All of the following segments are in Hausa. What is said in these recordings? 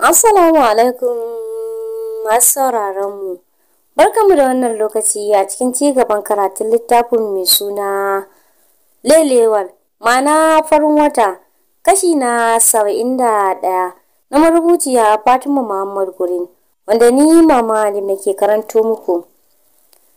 Assalamu alaikum masu sauraron mu. Barkamu da wannan lokaci a cikin cigaban karatun littafin mai suna Lelewar mana farin wata kashi na saba'in da ɗaya na marubuciya Fatima Muhammad Gurin wanda ni mama ne ke karanto muku.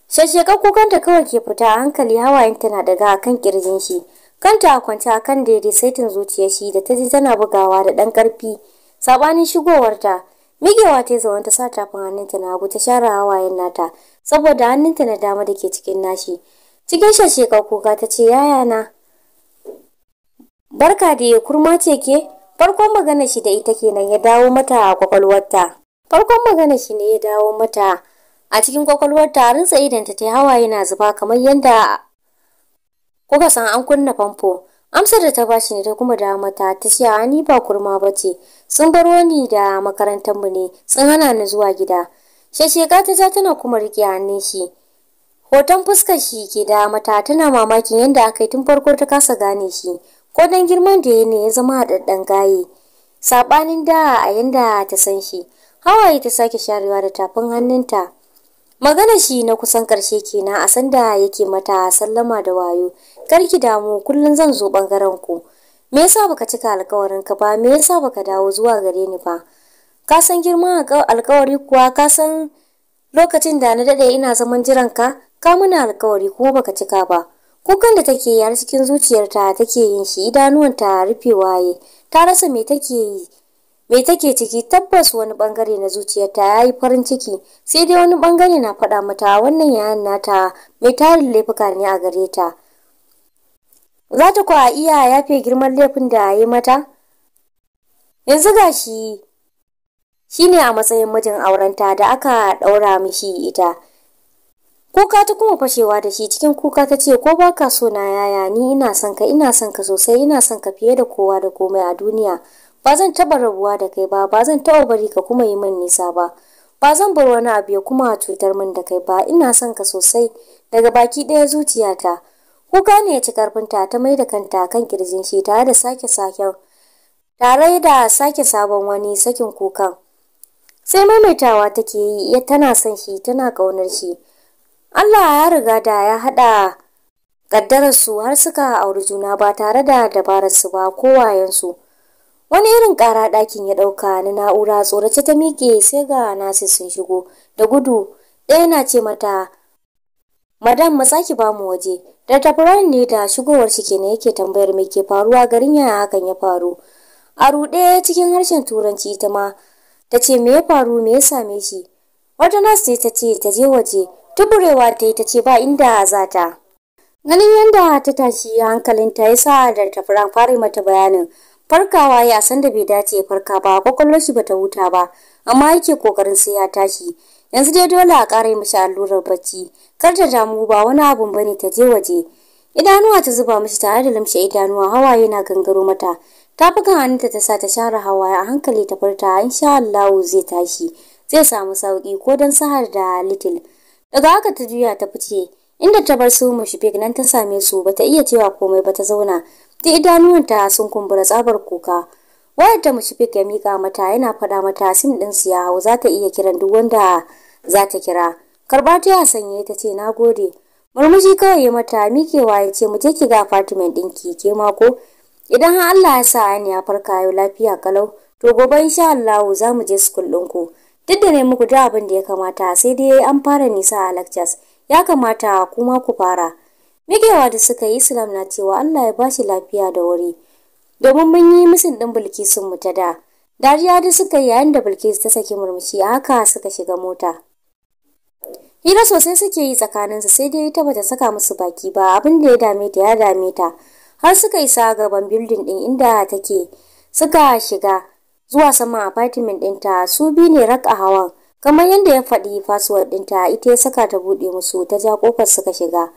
Shashshekar kukanta kawai ke fita a hankali hawayen tana daga kan kirjin shi. Kanta a kwance a kan daidai saitin zuciya shi da ta ji tana bugawa da ɗan ƙarfi. sabanin shigowarta migewa ta zaune ta sa tafin hannunta na hagu ta share hawayen nata saboda hannunta na dama da ke cikin nashi cikin shashekar kuka ta ce yaya na barka da ya kurma ce ke farkon magana shi da ita kenan ya dawo mata a kwakwalwarta farkon magana shi ne ya dawo mata a cikin kwakwalwarta a rinsa idanta ta hawaye na zuba kamar yadda kuka san an kunna famfo Amsar da ta bashi ne ta kuma da mata ta ce a ni ba kurma ba ce sun baro ni da makarantar mu ne sun hana ni zuwa gida. Shasheka ta ja tana kuma rike hannun shi. Hoton fuskar shi ke da mata tana mamakin yadda aka yi tun farko ta kasa gane shi. Ko dan girman da ya ne ya zama a haɗaɗɗen gaye. Saɓanin da a yanda ta san shi. Hawaye ta sake sharewa da tafin hannunta. Magana shi na kusan karshe kenan a sanda yake mata sallama da wayo. Karki damu kullun zan zo bangaren ku. Me yasa baka cika alƙawarin ka ba? Me yasa baka dawo zuwa gare ni ba? Ka san girman alƙawari kuwa ka san lokacin da na dade ina zaman jiran ka ka muna alƙawari kuma baka cika ba. Kukan da take yi har cikin zuciyarta take yin shi idanuwanta rufe waye Ta rasa me take yi me take ciki tabbas wani bangare na zuciyarta ya yi farin ciki sai dai wani bangare na faɗa mata wannan yayan nata mai tarin laifuka ne a gare ta za ta kuwa iya yafe girman laifin da ya yi mata yanzu ga shi shi ne a matsayin mijin aurenta da aka ɗaura mishi ita kuka ta kuma fashewa da shi cikin kuka ta ce ko baka so na yaya ni ina son ka ina son ka sosai ina son ka fiye da kowa da komai a duniya ba zan taɓa rabuwa da kai ba ba zan taɓa bari ka kuma yi min nisa ba ba zan bar wani abu ya kuma cutar min da kai ba ina son ka sosai daga baki ɗaya zuciyata kuka ne ya ci karfinta ta mai da kanta kan kirjin shi tare da sake saken tare da sake sabon wani sakin kukan sai maimaitawa take yi ya tana son shi tana ƙaunar shi Allah ya riga da ya haɗa kaddararsu har suka auri juna ba tare da dabararsu ba ko wayensu wani irin ƙara ɗakin ya ɗauka na na'ura tsorace ta miƙe sai ga nasi sun shigo da gudu ɗaya na ce mata madam mu saki ba mu waje da tafuran ne da shigowar shi kenan yake tambayar me ke faruwa garin yaya hakan ya faru a ruɗe cikin harshen turanci ita ma ta ce me ya faru me ya same shi wata nas ta ce ta je waje tuburewa ta yi ta ce ba inda za ta ganin yadda ta tashi hankalinta ya sa da tafuran fara mata bayanin farkawa ya san da bai dace ya farka ba kwakwalwar shi bata huta ba amma yake kokarin sai ya tashi yanzu dai dole a ƙara mishi allurar bacci kar ta damu ba wani abun bane ta je waje idanuwa ta zuba mishi tare da lamshe idanuwa hawaye na gangaro mata ta tafukan hannunta ta sa ta share hawaye a hankali ta furta insha Allah zai tashi zai samu sauki ko dan sahar da little daga haka ta juya ta fice inda ta bar su mushfik nan ta same su bata iya cewa komai ba ta zauna duk idanuwanta sun kumbura tsabar kuka wayar da mushfik ya mika mata yana faɗa mata sim ɗin siya ya hau za ta iya kiran duk wanda za ta kira karba ta sanye ta ce na gode murmushi kawai ya mata mikewa ya ce mu je ki ga apartment ɗinki ke mako idan har Allah ya sa ni ya farka yau lafiya kalau to gobe insha Allah za mu je school ku duk da ne muku da abin da ya kamata sai dai an fara nisa a lectures ya kamata kuma ku fara rigewa da suka yi islam na cewa allah ya bashi lafiya da wuri domin mun yi musu ɗin bilkisun mu ta da dariya da suka yi yayin da bilkisu ta saki murmushi a haka suka shiga mota hira sosai suke yi tsakaninsu sai dai ita bata saka musu baki ba abin da ya dame ta ya dame ta har suka isa gaban bildin din inda take suka shiga zuwa sama apartment ɗinta su bi ne raka hawan kamar yadda ya faɗi fasuwar ɗinta ita ya saka ta buɗe musu ta ja kofar suka shiga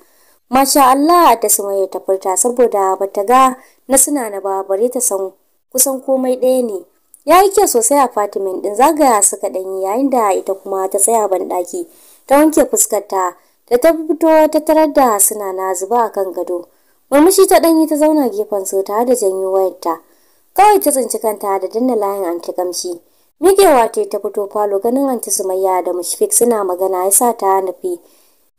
Masha Allah ta sumaye ta furta saboda bata ga na suna na ba bare ta san kusan komai ɗaya ne. Ya yi kyau sosai a Fatimin din zagaya suka ɗanyi yayin da ita kuma ta tsaya ban ɗaki ta wanke fuskarta da ta fito ta tarar da suna na zuba a kan gado. Murmushi ta ɗanyi ta zauna gefen su tare da janyo wayarta. Kawai ta tsinci kanta da danna layin anti kamshi. Miƙewa ta ta fito falo ganin anti Sumayya da Mushfik suna magana ya sa ta nufi.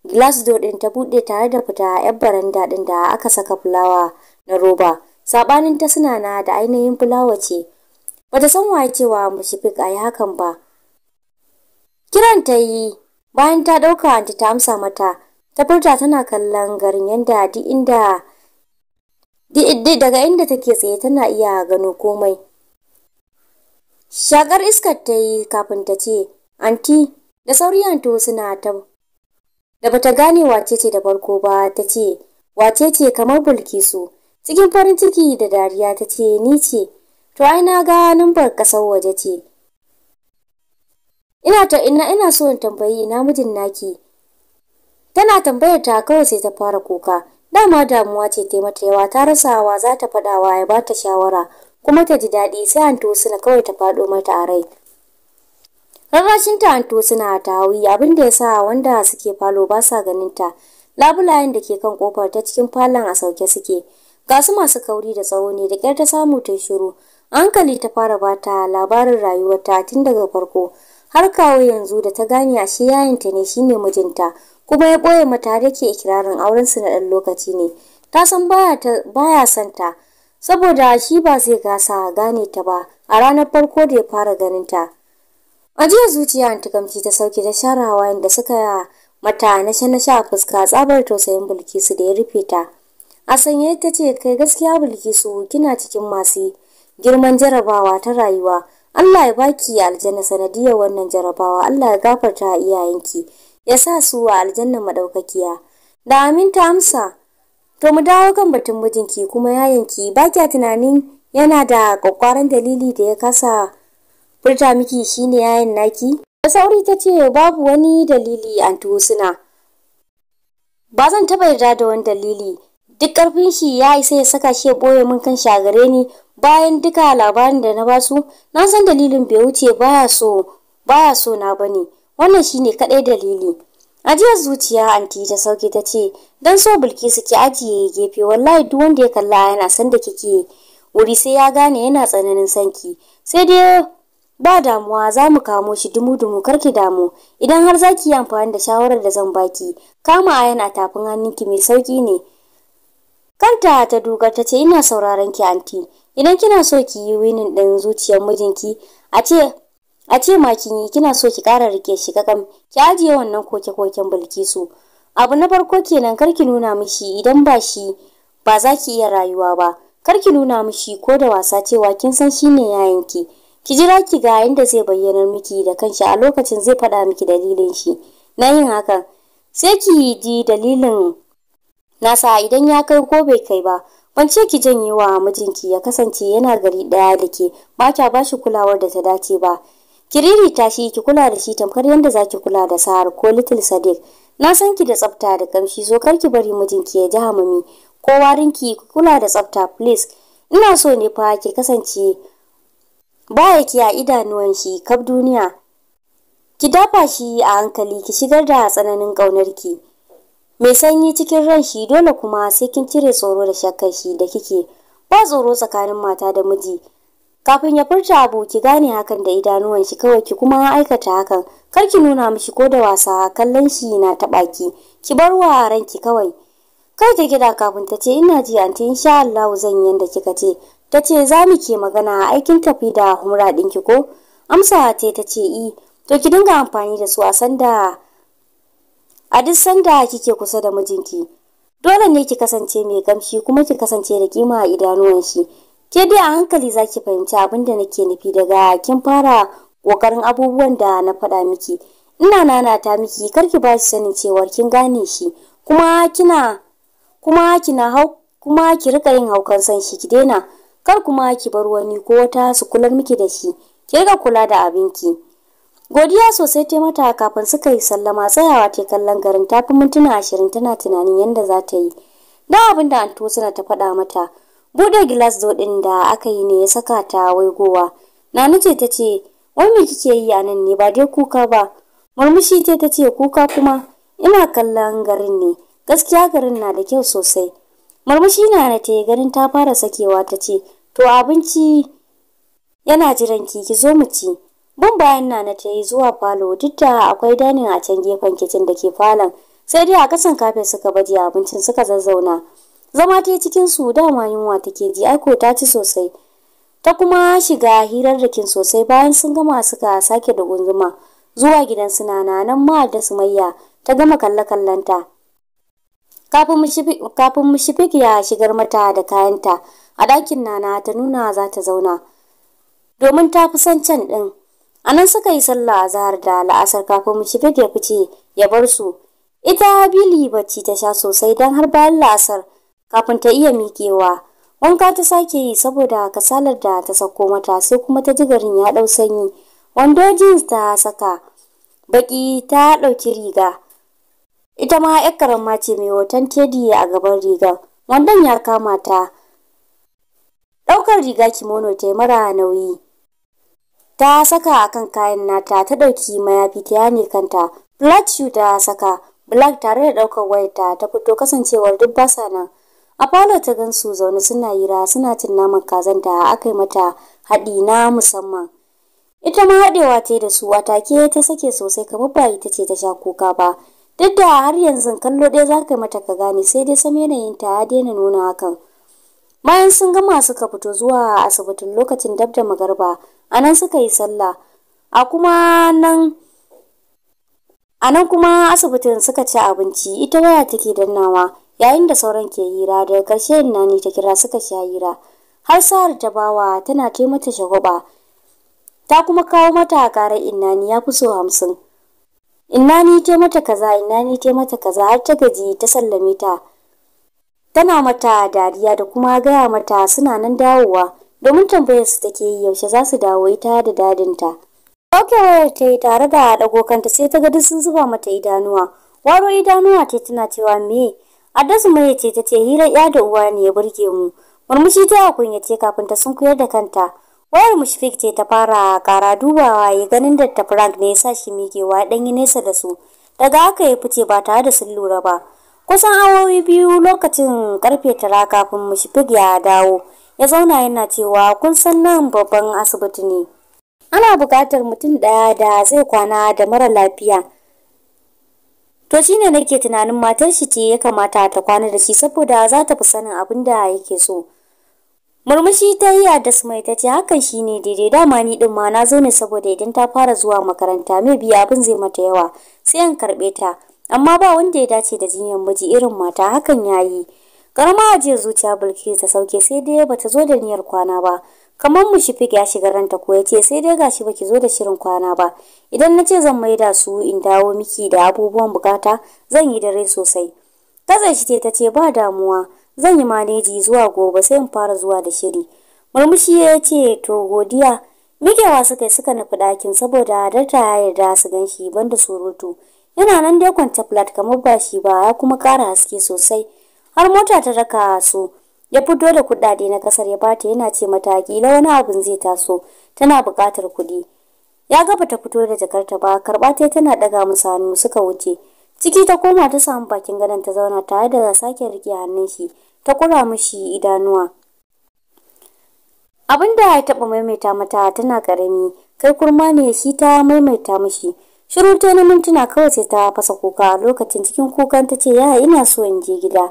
glass door din ta bude tare da fita yan baranda din da aka saka fulawa na roba sabanin ta suna na da ainihin fulawa ce bata san waye cewa mushfik ayi hakan ba kiran ta yi bayan ta dauka anti ta amsa mata ta furta tana kallon garin yanda di inda daga inda take tsaye tana iya gano komai shakar iskar ta yi kafin ta ce anti da sauri anto suna ta da bata gane wacece da farko ba ta ce wacece kamar bulkisu cikin farin ciki da dariya ta ce ni ce to ai na ga numbar kasar waje ce ina ta ina ina so in tambayi ina mijin naki tana tambayar ta kawai sai ta fara kuka dama damuwa ce ta mata yawa ta rasa rasawa za ta faɗawa ya ba ta shawara kuma ta ji daɗi sai an suna kawai ta faɗo mata a rai ta anto suna tawi abinda ya sa wanda suke falo ba sa ganin ta Labulayen da ke kan kofar ta cikin falon a sauke suke. Ga su masu kauri da tsawo ne da ƙyar ta samu ta shiru. Hankali ta fara bata labarin ta tun daga farko. Har kawo yanzu da ta gane ashe ta ne shine mijinta kuma ya boye mata da ke ikirarin auren su na ɗan lokaci ne. Ta san baya son ta saboda shi ba zai gasa gane ta ba a ranar farko da ya fara ganin ta. a jiya zuciya ta gamji ta sauke ta sharawa inda suka mata na sha na sha fuska tsabar tausayin bulkisu da ya rufe ta. A sanye ta ce kai gaskiya Bilkisu kina cikin masu girman jarabawa ta rayuwa. Allah ya baki aljanna sanadiyar wannan jarabawa. Allah ya gafarta a iyayenki. Ya sa su wa aljanna madaukakiya. Da aminta amsa To mu dawo kan batun mijinki kuma yayanki ba kya tunanin yana da kwakwaran dalili da ya kasa furta miki shine yayin naki da sauri ta ce babu wani dalili anti suna. ba zan taɓa yarda da wani dalili duk ƙarfin shi ya isa ya saka shi ya boye min kan shagare ni bayan duka labarin da na basu na san dalilin bai wuce baya so baya so na bane wannan shine kadai dalili ajiyar zuciya anti ta sauke ta ce dan so bilkisu ki ajiye gefe wallahi duk wanda ya kalla yana san da kike wuri sai ya gane yana tsananin sanki sai dai Ba damuwa za mu kamo shi dumu-dumu karki damu. Idan har za ki yi amfani da shawarar da zan baki, kama ayan a tafin hannunki mai sauki ne. Kanta ta dogar ta ce ina sauraron ki anti. Idan kina so ki yi winin ɗin zuciyar mijinki, a ce a ce ma kin yi kina so ki ƙara rike shi kakam, ki ajiye wannan koke-koken Bilkisu. Abu na farko kenan karki nuna mishi idan ba shi ba za ki iya rayuwa ba. karki nuna mishi ko da wasa cewa kin san shine yayanki. ki. ki jira ki ga inda zai bayyana miki da kanshi a lokacin zai faɗa miki dalilin shi na yin hakan sai ki ji dalilin nasa idan ya kai ko bai kai ba wance ki janye wa mijinki ya kasance yana gari ɗaya da ke ba kya ba shi kulawar da ta dace ba ki ririta shi ki kula da shi tamkar yadda za ki kula da sahar ko little sadiq na san ki da tsafta da kamshi so kar ki bari mijinki ya ji hamami ko warinki ki kula da tsafta please ina so ne fa ki kasance baya ki a idanuwan shi kaf duniya ki dafa shi a hankali ki shigar da tsananin ƙaunar ki mai sanyi cikin ran shi dole kuma sai kin cire tsoro da shakkar shi da kike ba tsoro tsakanin mata da miji kafin ya furta abu ki gane hakan da idanuwan shi kawai ki kuma aikata hakan kar ki nuna mishi ko da wasa kallon shi na taɓa ki ki bar wa ranki kawai kai ta gida kafin ta ce ina ji anti insha Allah zan yi yanda kika ce ta ce za mu ke magana a aikin tafi da humra ɗinki ko amsa ta ta ce i e, to ki dinga amfani da su a sanda a duk sanda kike kusa da mijinki dole ne ki kasance mai gamshi kuma ki kasance da kima a idanuwan shi ke dai a hankali za ki fahimci abin da nake nufi daga kin fara ƙoƙarin abubuwan da na faɗa miki ina nanata miki kar ki bashi shi sanin cewar kin gane shi kuma kina kuma kina hau kuma ki rika yin haukan san shi ki daina kar kuma ki bar wani ko wata su kular miki da shi ki ga kula da abinki godiya sosai ta mata kafin suka yi sallama tsayawa ta kallon garin ta fi mintuna ashirin tana tunanin yadda za ta yi da abin da anto suna ta faɗa mata bude gilas ɗin da aka yi ne ya saka ta waigowa na nace ta ce wai me kike yi a nan ne ba dai kuka ba murmushi ce ta ce kuka kuma ina kallon garin ne gaskiya garin na da kyau sosai murmushi na na ta ganin ta fara sakewa ta ce To abinci yana jiran ki ki zo mu ci. Bun bayan Nana ta yi zuwa falo duk da akwai danin a can gefen kicin da ke falon. Sai dai a kasan kafe suka baje abincin suka zazzauna. Zama ta cikin su dama yunwa take ji aiko ta ci sosai. Ta kuma shiga hirar hirarrakin sosai bayan sun gama suka sake da gunduma zuwa gidan suna Nana nan ma da Sumayya ta gama kalle kallanta. Kafin shifi ya shigar mata da kayanta. a ɗakin nana ta nuna za ta zauna domin ta fi son can ɗin a nan suka yi sallah a zahar da la'asar kafin mu shiga da fice ya bar su ita bili bacci ta sha sosai don har bayan la'asar kafin ta iya miƙewa wanka ta sake yi saboda kasalar da ta sako mata sai kuma ta ji garin ya ɗau sanyi wando jeans ta saka baki ta ɗauki riga ita ma 'yar karama ce mai hoton tedi a gaban rigar wandon ya kama ta Ɗaukar riga kimono ta yi mara nauyi. Ta saka a kan kayan nata ta ɗauki mayafi ta yane kanta. Black shoe ta saka, black tare da ɗaukar wayarta ta fito kasancewar duk basa nan. A falo ta su zaune suna hira suna cin naman kazan da aka yi mata haɗi na musamman. Ita ma haɗewa ta da su a take ta sake sosai kamar ba ita ce ta sha kuka ba. Duk da har yanzu kallo ɗaya za ka yi mata ka gane sai dai sam yanayinta ya daina nuna hakan. bayan sun gama suka fito zuwa asibitin lokacin dab da magarba a nan suka yi sallah a kuma nan a nan kuma asibitin suka ci abinci ita waya take dannawa yayin da sauran ke hira daga ƙarshe nani ta kira suka sha hira har sahar ta bawa tana kai mata shagwaba ta kuma kawo mata ƙarar innani ya fi so hamsin innani ta mata kaza innani ta mata kaza har ta gaji ta sallame ta tana mata dariya da kuma gaya mata suna nan dawowa domin tambayar su take yi yaushe za su dawo ita da dadinta. Ɗauke wayar ta yi tare da ɗago kanta sai ta ga duk sun zuba mata idanuwa. Waro idanuwa ta tana cewa me? Addasu mai ce ta ce hirar ya da uwa ne ya burge mu. Murmushi ta a kunyace kafin ta sun koyar da kanta. Wayar Mushfik ce ta fara kara dubawa ya ganin da ta Frank ne ya sa shi miƙewa ɗan yi nesa da su. Daga haka ya fice ba tare da sun lura ba. kusan awowi biyu lokacin karfe tara kafin mushfig ya dawo ya zauna yana cewa kun san nan babban asibiti ne ana buƙatar mutum ɗaya da zai kwana da mara lafiya to shine nake tunanin matar shi ce ya kamata ta kwana da shi saboda za ta fi sanin abin da yake so murmushi ta yi a mai ta ce hakan shi ne daidai dama ni din ma na zo ne saboda idan ta fara zuwa makaranta mai biya abin zai mata yawa sai an karɓe ta amma ba wanda ya dace da jinyar miji irin mata hakan yayi karama ajiyar zuciya bilkis ta sauke sai dai bata zo da niyyar kwana ba kamar mu shifik ya shiga ranta ko yace sai dai gashi baki zo da shirin kwana ba idan na ce zan maida su in dawo miki da abubuwan bukata zan yi dare sosai katse shi ta ce ba damuwa zan yi maneji zuwa gobe sai in fara zuwa da shiri murmushi ya ce to godiya wa suka suka nufi ɗakin saboda darta ya yarda su ganshi shi banda surutu yana nan dai kwanta flat kamar ba shi ba ya kuma kara haske sosai har mota ta raka su ya fito da kuɗaɗe na ƙasar ya bata yana ce mata kila wani abin zai taso tana buƙatar kuɗi ya gaba ta fito da jakar ta ba karba ta tana ɗaga musu hannu suka wuce ciki ta koma ta samu bakin gadon ta zauna tare da sake riƙe hannun shi ta kura mishi idanuwa abin da ya taɓa maimaita mata tana ƙarami kai kurma ne shi ta maimaita mishi Shirin ta mintuna kawai sai ta fasa kuka lokacin cikin kukan ta ce yaya ina so in je gida.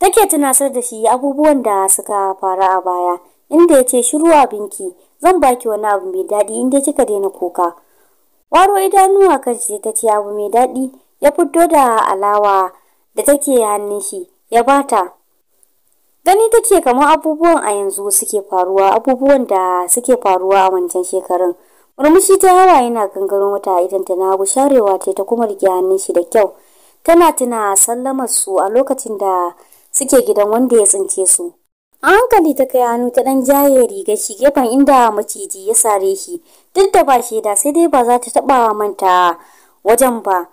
Take tunasar da shi abubuwan da suka faru a baya inda ya ce shiru abinki zan baki wani abu mai daɗi inda kika daina kuka. Waro idanuwa kan shi ta ce abu mai daɗi ya fito da alawa da take hannun shi ya bata. Gani take kamar abubuwan a yanzu suke faruwa abubuwan da suke faruwa a wancan shekarun. murmushi ta hawa yana gangaron wata idan ta na sharewa ce ta kuma rike hannun shi da kyau tana tuna sallamar su a lokacin da suke gidan wanda ya tsince su a hankali ta kai hannu ta dan jaye riga shi gefen inda maciji ya sare shi duk da ba shi da sai dai ba za ta taba manta wajen ba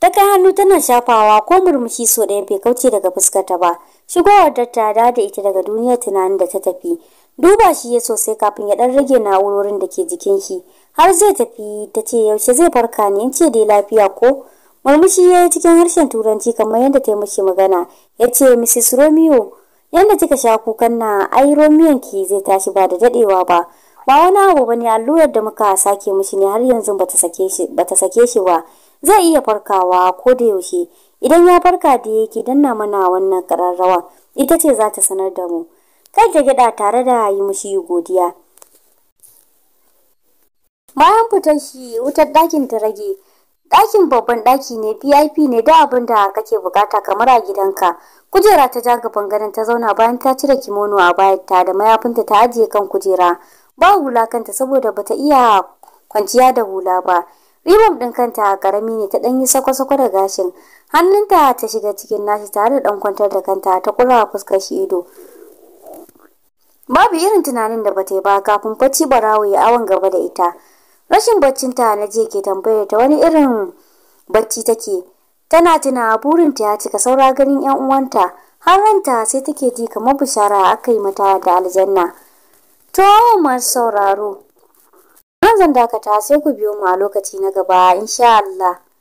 ta kai hannu tana shafawa ko murmushi so ɗayan bai kauce daga fuskarta ba shigowar ta da ita daga duniyar tunanin da ta tafi duba shi ya sosai kafin ya dan rage na'urorin da ke jikin shi har zai tafi ta ce yaushe zai farka ne ce dai lafiya ko murmushi ya yi cikin harshen turanci kamar yadda ta yi mishi magana ya ce mrs romeo yadda kika sha kukan na ai romeo ki zai tashi ba da dadewa ba ba wani abu bane allurar da muka sake mishi ne har yanzu bata sake shi sake shi ba zai iya farkawa ko da yaushe idan ya farka da yake danna mana wannan kararrawa ita ce za ta sanar da mu kai gyaɗa tare da yi mishi godiya bayan fitar shi wutar ɗakin ta rage ɗakin babban ɗaki ne vip ne da abin da kake bukata kamar a gidanka kujera ta ja gaban ganin ta zauna bayan ta cire kimono a ta, da mayafinta ta ajiye kan kujera ba hula kanta saboda bata iya kwanciya da hula ba Ribab ɗin kanta a karami ne ta ɗan yi sako-sako da gashin. Hannunta ta shiga cikin nashi tare da ɗan kwantar da kanta ta kura fuskar shi ido. babu irin tunanin da bata yi ba kafin bacci barawo ya awon gaba da ita rashin baccinta na je ke tambayar ta wani irin bacci take tana tuna burinta ya cika saura ganin yan uwanta har ranta sai take ji kamar bishara aka yi mata da aljanna to masu sauraro zan dakata sai ku biyo mu a lokaci na gaba insha Allah